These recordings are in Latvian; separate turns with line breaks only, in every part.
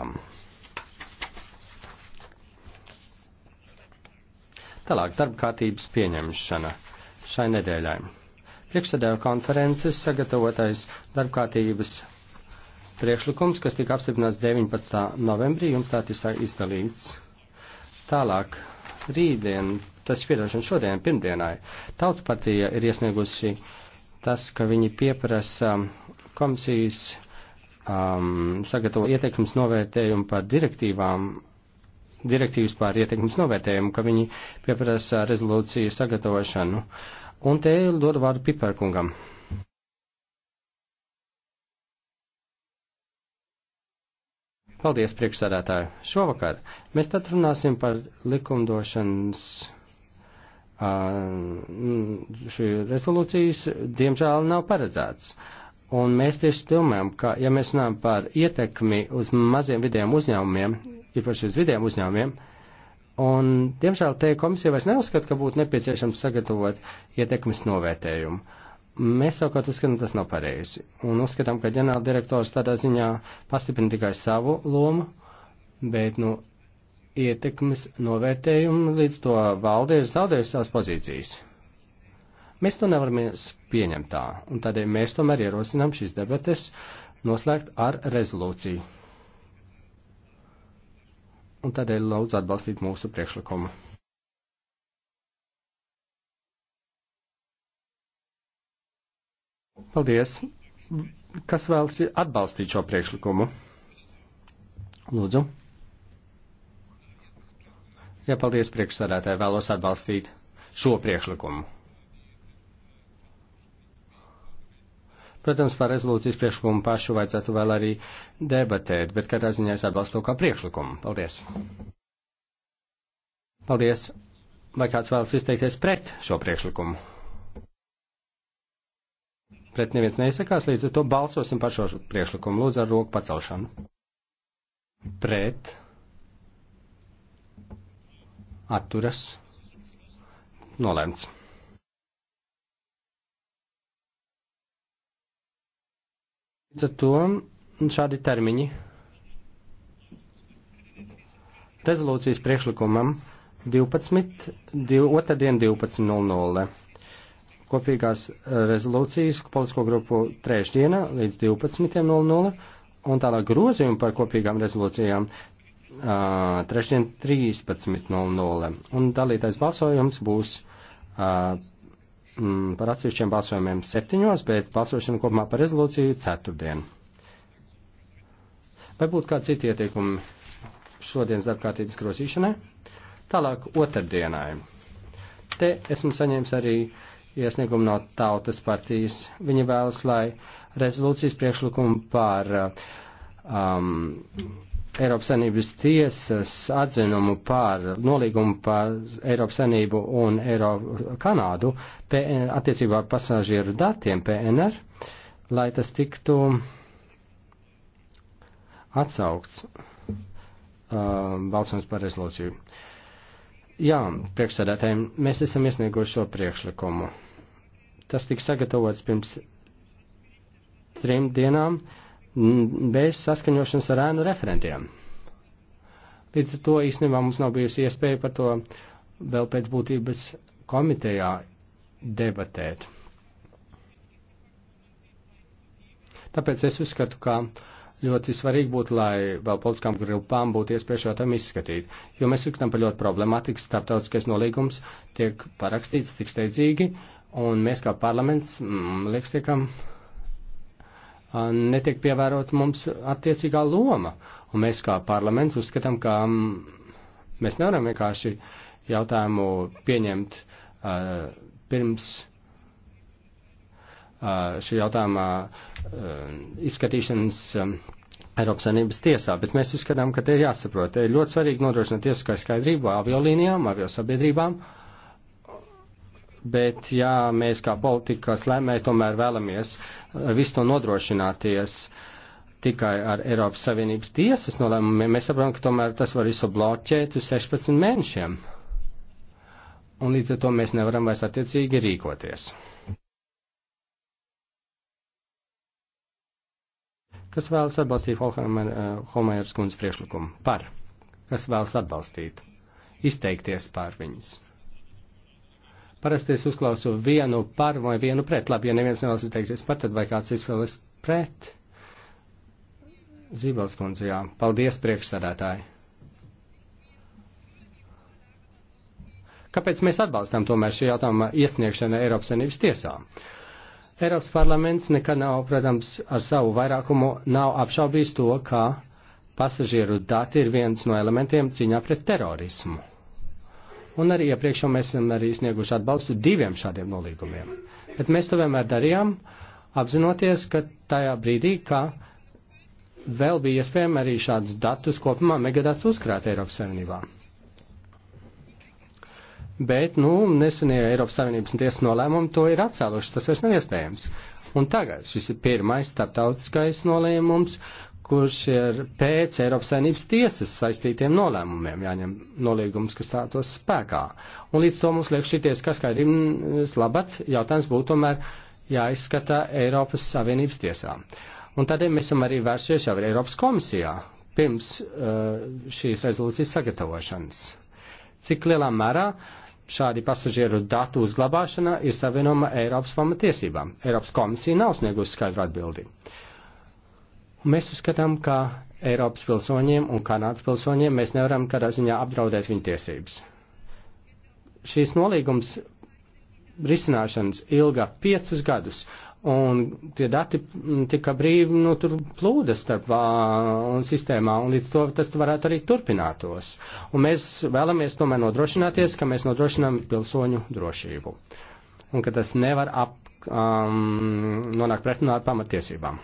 Um. Tālāk darba kārtības pieņemšana šai nedēļai. Priekšsēdēju konferences sagatavotais darba kārtības priekšlikums, kas tika apstiprināts 19. novembrī, jums tā ir izdalīts. Tālāk, rītdien, tas ir piedošana šodien, pirmdienai, tautspartija ir iesniegusi tas, ka viņi pieprasa um, komisijas um, sagatavot ieteikums novērtējumu par direktīvām, direktīvas par ieteikums novērtējumu, ka viņi pieprasa rezolūciju sagatavošanu. Un te dod vārdu Piperkungam. Paldies, priekšsādātāji. Šovakar mēs tad runāsim par likumdošanas uh, šī rezolūcijas, diemžēl nav paredzēts. Uh, Un mēs tieši domājam, ka, ja mēs runājam par ietekmi uz maziem vidiem uzņēmumiem, īpaši uz vidiem uzņēmumiem, un, diemžēl, te komisija vairs neuzskata, ka būtu nepieciešams sagatavot ietekmes novērtējumu. Mēs savukārt uzskatām, tas nav pareizi. Un uzskatām, ka ģenerāla direktors tādā ziņā pastiprina tikai savu lomu, bet, nu, ietekmes novērtējumu līdz to valde ir zaudējusi savas pozīcijas. Mēs to nevaramies pieņemt tā, un tādēļ mēs tomēr ierosinām šīs debates noslēgt ar rezolūciju. Un tādēļ lūdzu atbalstīt mūsu priekšlikumu. Paldies! Kas vēlas atbalstīt šo priekšlikumu? Lūdzu. Jā, paldies priekšsādātāji, vēlos atbalstīt šo priekšlikumu. Protams, par rezolūcijas priekšlikumu pašu vajadzētu vēl arī debatēt, bet katrā ziņā es atbalstu to kā priekšlikumu. Paldies! Paldies! Vai kāds vēlas izteikties pret šo priekšlikumu? Pret neviens neizsakās, līdz ar to balsosim par šo priekšlikumu. Lūdzu ar roku pacelšanu. Pret. Atturas. Nolēmts. Līdz ar to šādi termiņi rezolūcijas priekšlikumam 12, 2. dien 12.00. Kopīgās eh, rezolūcijas politisko grupu trešdiena līdz 12.00 un tālāk grozījumi par kopīgām rezolūcijām uh, trešdien 13.00. Un dalītais balsojums būs uh, mm, par atsevišķiem balsojumiem septiņos, bet balsošana kopumā par rezolūciju ceturtdien. Vai būtu kādi citi ieteikumi šodienas darbkārtības grozīšanai? Tālāk otrdienai. Te esmu saņēmis arī iesniegumu no Tautas partijas. Viņi vēlas, lai rezolūcijas priekšlikumu par um, Eiropas Savienības tiesas atzinumu par nolīgumu par Eiropas Savienību un Eiro Kanādu PN, attiecībā ar pasažieru datiem PNR, lai tas tiktu atsaukts uh, balsojums par rezolūciju. Jā, priekšsēdētājiem, mēs esam iesnieguši šo priekšlikumu. Tas tika sagatavots pirms trim dienām. Uh, bez saskaņošanas ar ēnu referentiem. Līdz ar to īstenībā mums nav bijusi iespēja par to vēl pēc būtības komitejā debatēt. Tāpēc es uzskatu, ka ļoti svarīgi būtu, lai vēl politiskām grupām būtu iespēja šo tam izskatīt, jo mēs uzskatām par ļoti problemātisku starptautiskais nolīgums, tiek parakstīts tik steidzīgi, un mēs kā parlaments, mm, liekas, tiekam netiek pievērot mums attiecīgā loma. Un mēs kā parlaments uzskatām, ka mēs nevaram vienkārši jautājumu pieņemt uh, pirms uh, šī jautājuma uh, izskatīšanas um, Eiropas Sanības tiesā, bet mēs uzskatām, ka te ir jāsaprot, te ir ļoti svarīgi nodrošināt tiesiskā skaidrību aviolīnijām, aviosabiedrībām. Uh, bet jā, mēs kā politikas lēmēji tomēr vēlamies uh, visu to nodrošināties tikai ar Eiropas Savienības tiesas nolēmumiem, mēs saprotam, ka tomēr tas var visu bloķēt uz 16 mēnešiem. Un līdz ar to mēs nevaram vairs attiecīgi rīkoties. Kas vēlas atbalstīt uh, Holmajers kundzes priekšlikumu? Par. Kas vēlas atbalstīt? Izteikties pār viņus. Parasti es uzklausu vienu par vai vienu pret. Labi, ja neviens nevēlas izteikties par, tad vai kāds izsaulas pret? Zībals kundze, jā. Paldies, priekšsādātāji. Kāpēc mēs atbalstām tomēr šī jautājuma iesniegšanu Eiropas Savienības tiesā? Eiropas parlaments nekad nav, protams, ar savu vairākumu nav apšaubījis to, ka pasažieru dati ir viens no elementiem cīņā pret terorismu. Un arī iepriekš jau mēs esam arī snieguši atbalstu diviem šādiem nolīgumiem. Bet mēs to vienmēr darījām, apzinoties, ka tajā brīdī, kā vēl bija iespējams arī šādus datus kopumā megadats uzkrāt Eiropas Savienībā. Bet, nu, nesenie Eiropas Savienības tiesas nolēmumi to ir atcēluši, tas vairs nav iespējams. Un tagad šis ir pirmais starptautiskais nolēmums, kurš ir pēc Eiropas saimnības tiesas saistītiem nolēmumiem jāņem nolīgums, kas stātos spēkā. Un līdz to mums liek šī tiesa, kas kā ir labats, jautājums būtu tomēr jāizskata Eiropas Savienības tiesā. Un tādēļ mēs esam arī vērsušies jau ar Eiropas komisijā pirms uh, šīs rezolūcijas sagatavošanas. Cik lielā mērā uh, šādi pasažieru datu uzglabāšana ir savienojama Eiropas pamatiesībām. Eiropas komisija nav sniegusi skaidru atbildi. Mēs uzskatām, ka Eiropas pilsoņiem un Kanādas pilsoņiem mēs nevaram kādā ziņā apdraudēt viņu tiesības. Šīs nolīgums risināšanas ilga piecus gadus, Un tie dati tika brīvi, nu, tur plūda starp un sistēmā, un līdz to tas varētu arī turpinātos. Un mēs vēlamies tomēr nodrošināties, ka mēs nodrošinām pilsoņu drošību. Un ka tas nevar ap, um, nonākt pretrunā ar pamatiesībām.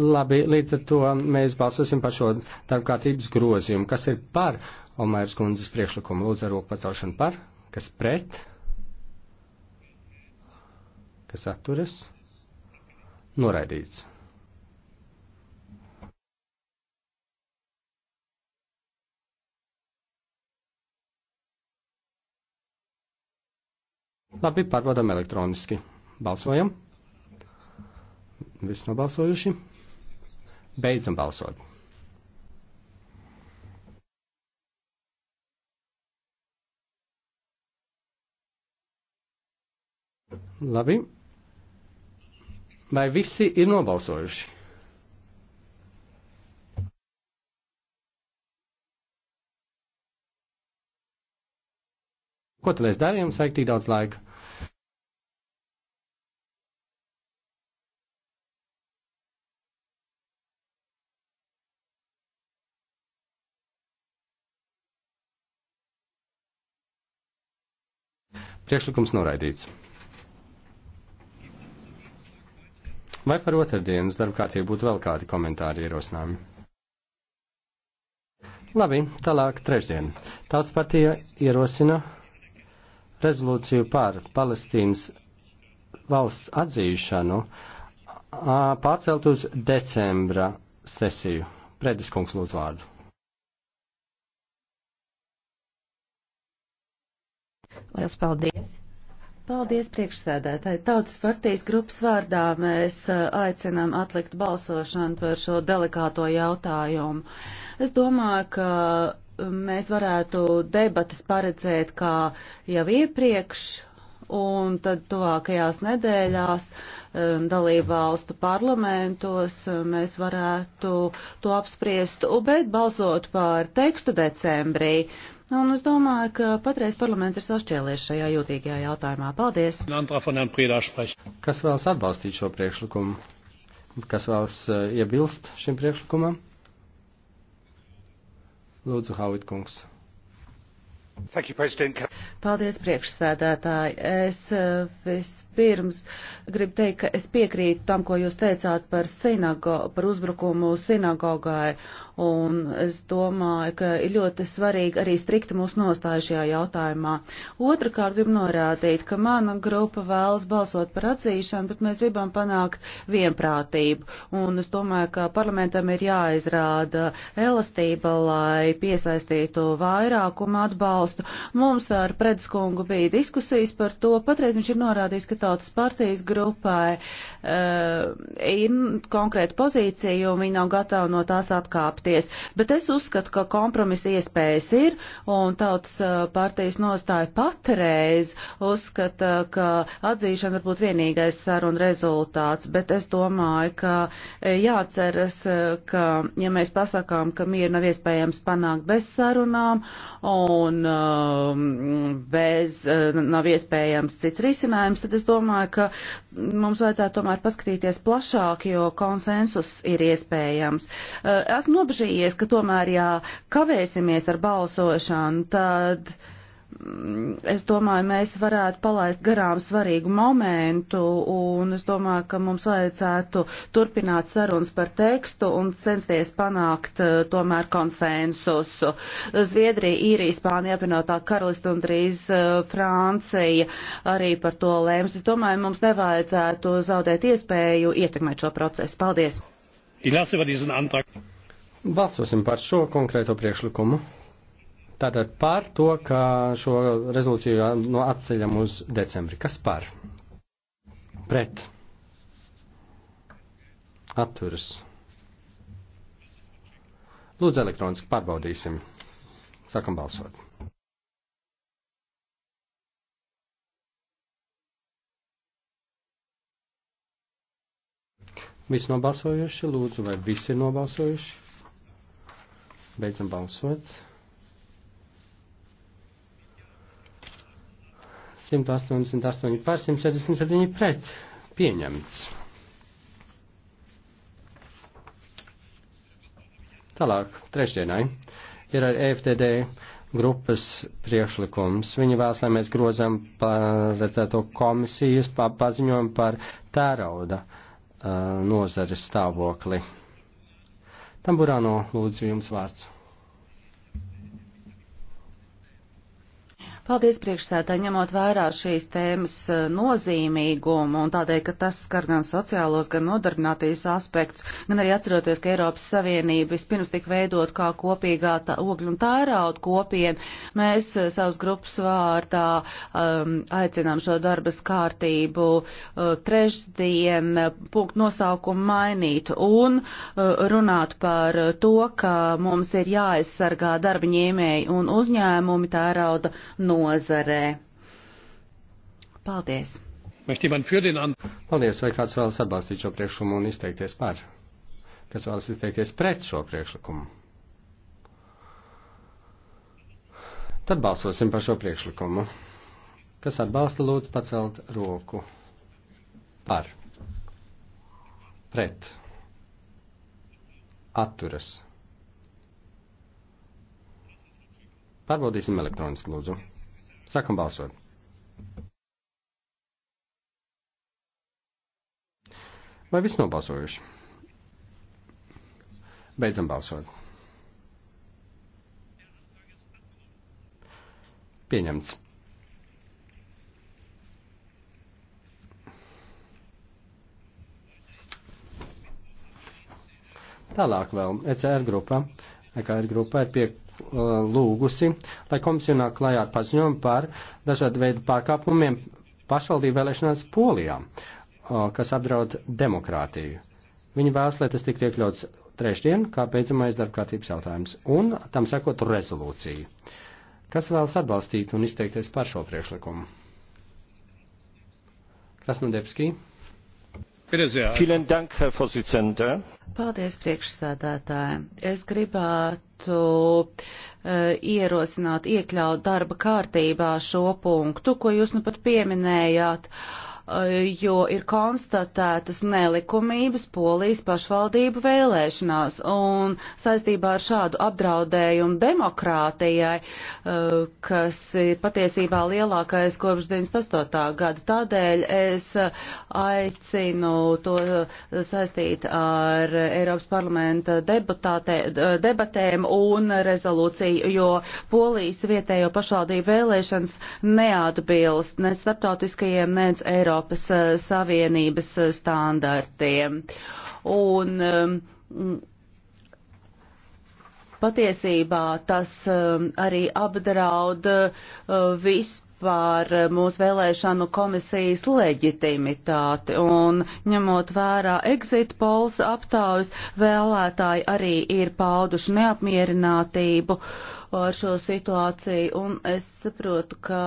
Labi, līdz ar to mēs balsosim par šo darbkārtības grozījumu. Kas ir par Omairas kundzes priekšlikumu? Lūdzu, ar roku pacelšanu par. Kas pret? Kas atturas? Noraidīts. Labi, pārbaudām elektroniski. Balsojam. Viss nobalsojuši. Beidzam balsot. Labi. Vai visi ir nobalsojuši? Ko tad es darīju? Mums vajag tik daudz laika. Priekšlikums noraidīts. Vai par otrdienas darba kārtību būtu vēl kādi komentāri ierosinājumi? Labi, tālāk trešdien. Tautas partija ierosina rezolūciju par Palestīnas valsts atzīšanu pārcelt uz decembra sesiju. Predis kungs lūdzu vārdu.
Lielas paldies! Paldies priekšsēdētāji. Tautas partijas grupas vārdā mēs aicinām atlikt balsošanu par šo delikāto jautājumu. Es domāju, ka mēs varētu debatas paredzēt kā jau iepriekš, un tad tuvākajās nedēļās dalību valstu parlamentos mēs varētu to apspriest, bet balsot par tekstu decembrī Un es domāju, ka patreiz parlaments ir sašķēlies šajā jūtīgajā jautājumā. Paldies!
Kas vēlas atbalstīt šo priekšlikumu? Kas vēlas eh, iebilst šim priekšlikumam? Lūdzu, Hauit kungs.
You, Paldies, priekšsēdētāji. Es eh, vispār Vispirms gribu teikt, ka es piekrītu tam, ko jūs teicāt par, sinago, par uzbrukumu sinagogai, un es domāju, ka ir ļoti svarīgi arī strikti mūsu nostāja šajā jautājumā. Otrakārt gribu norādīt, ka mana grupa vēlas balsot par atzīšanu, bet mēs gribam panākt vienprātību, un es domāju, ka parlamentam ir jāizrāda elastība, lai piesaistītu vairākumu atbalstu. Mums ar Predskungu bija diskusijas par to, patreiz viņš ir norādījis, ka tā tautas partijas grupai uh, eh, ir konkrēta pozīcija un viņi nav gatavi no tās atkāpties. Bet es uzskatu, ka kompromisa iespējas ir un tautas eh, partijas nostāja patreiz uzskata, ka atzīšana varbūt vienīgais saruna rezultāts, bet es domāju, ka eh, jāceras, ka ja mēs pasakām, ka mieru nav iespējams panākt bez sarunām un uh, bez, uh, nav iespējams cits risinājums, tad es domāju, ka mums vajadzētu tomēr paskatīties plašāk, jo konsensus ir iespējams. Eh, esmu nobežījies, ka tomēr, ja kavēsimies ar balsošanu, tad. Uh, Mm, es domāju, mēs varētu palaist garām svarīgu momentu, un es domāju, ka mums vajadzētu turpināt sarunas par tekstu un censties panākt uh, tomēr konsensusu. Zviedrija, Īrija, Spānija, apvienotā karalista un drīz uh, Francija arī par to lēms. Es domāju, mums nevajadzētu zaudēt iespēju ietekmēt šo procesu. Paldies!
Balsosim par šo konkrēto priekšlikumu. Tātad par to, ka šo rezolūciju no nu, atceļam uz decembri. Kas par? Pret. Atturas. Lūdzu, elektroniski pārbaudīsim. Sākam balsot. Visi nobalsojuši, lūdzu, vai visi ir nobalsojuši? Beidzam balsot. 188 par 167 pret pieņemts. Tālāk, trešdienai, ir ar EFTD grupas priekšlikums. Viņi vēlas, lai mēs grozam paredzēto komisijas paziņojumu par tērauda uh, nozares stāvokli. Tamburāno, lūdzu, jums vārds.
Paldies priekšsētā, ņemot vērā šīs tēmas eh, nozīmīgumu un tādēļ, ka tas skar gan sociālos, gan nodarbinātīs aspektus, gan arī atceroties, ka Eiropas Savienība vispirms tika veidot kā kopīgā tā, ogļu un tērauda kopien, mēs eh, savas grupas vārdā um, ehm, aicinām šo darbas kārtību uh, trešdien punktu nosaukumu mainīt un uh, runāt par to, ka mums ir jāaizsargā darba ņēmēji un uzņēmumi tērauda no nu, nozarē. Paldies!
Paldies, vai kāds vēlas atbalstīt šo priekšlikumu un izteikties par? Kas vēlas izteikties pret šo priekšlikumu? Tad balsosim par šo priekšlikumu. Kas atbalsta, lūdzu pacelt roku par, pret, atturas. Pārbaudīsim elektroniski, lūdzu. Sākam balsot. Vai viss nobalsojuši? Beidzam balsot. Pieņemts. Tālāk vēl ECR grupa. ECR grupa ir pie Uh, lūgusi, lai komisija nāk klajā ar paziņojumu par dažādu veidu pārkāpumiem pašvaldību vēlēšanās Polijā, uh, kas apdraud demokrātiju. Viņi vēlas, lai tas tiktu iekļauts trešdien, kā beidzamais darbkārtības jautājums, un tam sekot rezolūciju. Kas vēlas atbalstīt un izteikties par šo priekšlikumu? Krasnodebski. Vielen Dank, Herr Vorsitzender.
Paldies, priekšsēdētāji. Es gribētu varētu e, ierosināt, iekļaut darba kārtībā šo punktu, ko jūs nu pat pieminējāt. Uh, jo ir konstatētas nelikumības polijas pašvaldību vēlēšanās. Un saistībā ar šādu apdraudējumu demokrātijai, eh, kas ir patiesībā lielākais kopš 98. gada, tādēļ es aicinu to saistīt ar Eiropas parlamenta debatēm un rezolūciju, jo polijas vietējo pašvaldību vēlēšanas neatbilst ne starptautiskajiem, ne Eiropas Eiropas eh, Savienības eh, standartiem. Un, um, Patiesībā tas um, arī apdraud uh, eh, visu par mūsu vēlēšanu komisijas leģitimitāti. Un ņemot vērā exit pols aptaujas, vēlētāji arī ir pauduši neapmierinātību ar šo situāciju. Un es saprotu, ka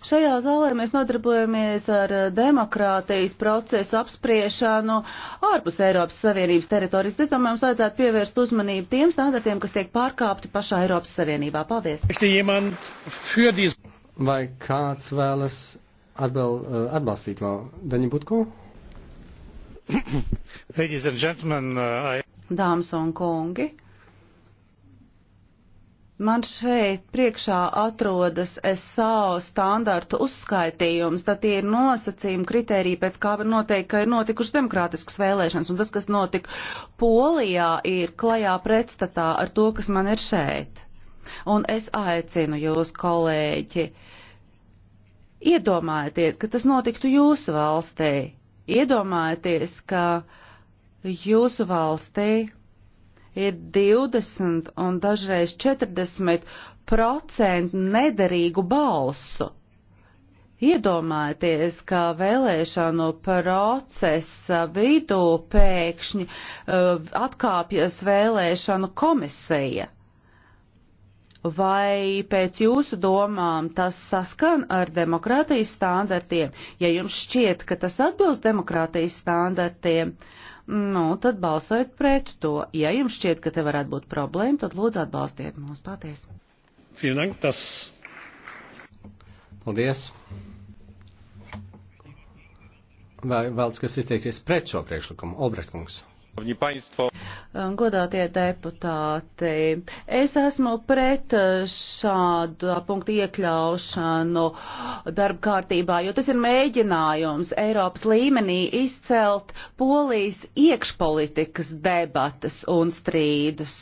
Šajā zālē mēs nodarbojamies ar eh, demokrātijas procesu apspriešanu ārpus Eiropas Savienības teritorijas. Es domāju, mums vajadzētu pievērst uzmanību tiem standartiem, kas tiek pārkāpti pašā Eiropas Savienībā. Paldies!
Vai kāds vēlas atbal, eh, atbalstīt vēl Daņu Butko? Uh,
Dāmas un kungi! Man šeit priekšā atrodas SAO standartu uzskaitījums, tad tie ir nosacījumi, kriteriji, pēc kā var noteikt, ka ir notikušas demokrātiskas vēlēšanas, un tas, kas notika Polijā, ir klajā pretstatā ar to, kas man ir šeit. Un es aicinu jūs, kolēģi, iedomājieties, ka tas notiktu jūsu valstī. Iedomājieties, ka jūsu valstī ir 20 un dažreiz 40 procentu nederīgu balsu. Iedomājieties, ka vēlēšanu procesa vidū pēkšņi uh, atkāpjas vēlēšanu komisija. Vai pēc jūsu domām tas saskan ar demokrātijas standartiem? Ja jums šķiet, ka tas atbilst demokrātijas standartiem, uh, Nu, tad balsojiet pret to. Ja jums šķiet, ka te varētu būt problēma, tad lūdzu atbalstiet mūs. Paldies!
Paldies! Vai vēlts, kas izteiksies pret šo priekšlikumu? Olbrecht kungs.
Godātie deputāti, es esmu pret uh, šādu punktu iekļaušanu darba kārtībā, jo tas ir mēģinājums Eiropas līmenī izcelt polijas iekšpolitikas debatas un strīdus.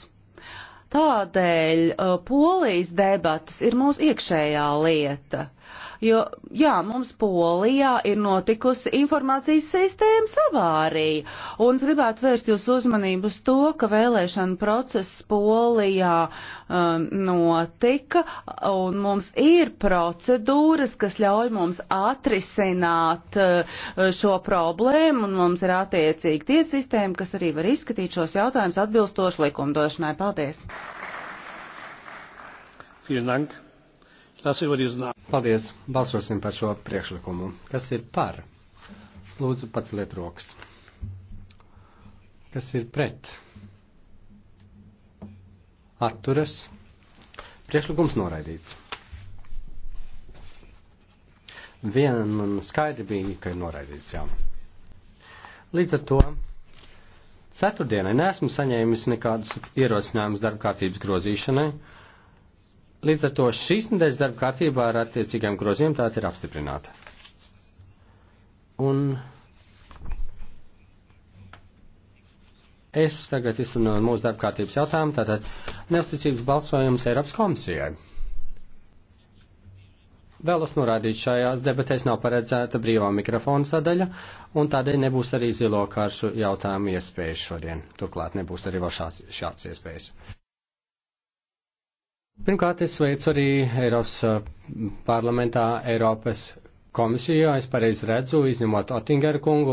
Tādēļ uh, polijas debatas ir mūsu iekšējā lieta. Jo, jā, mums Polijā ir notikusi informācijas sistēmas avārija, un es gribētu vērst jūs uzmanību uz to, ka vēlēšana process Polijā um, notika, un mums ir procedūras, kas ļauj mums atrisināt uh, šo problēmu, un mums ir attiecīgi tiesistēma, kas arī var izskatīt šos jautājumus atbilstoši likumdošanai. Paldies!
Vielen Dank. Paldies. Balsosim par šo priekšlikumu. Kas ir par? Lūdzu, pats liet rokas. Kas ir pret? Atturas. Priekšlikums noraidīts. Vienam skaidri bija, ka ir noraidīts, jā. Līdz ar to ceturtdienai nesmu saņēmis nekādus ierosinājumus darba kārtības grozīšanai. Līdz ar to šīs nedēļas darba kārtībā ar attiecīgiem groziem tā ir apstiprināta. Un es tagad izrunāju mūsu darba kārtības jautājumu, tātad neusticības balsojums Eiropas komisijai. Vēlos norādīt, šajās debatēs nav paredzēta brīvā mikrofona sadaļa, un tādēļ nebūs arī zilo karšu jautājumu iespējas šodien. Turklāt nebūs arī vēl šāds, šāds iespējas. Pirmkārt, es sveicu arī Eiropas parlamentā Eiropas komisijā. Es pareizi redzu, izņemot Otingeru kungu.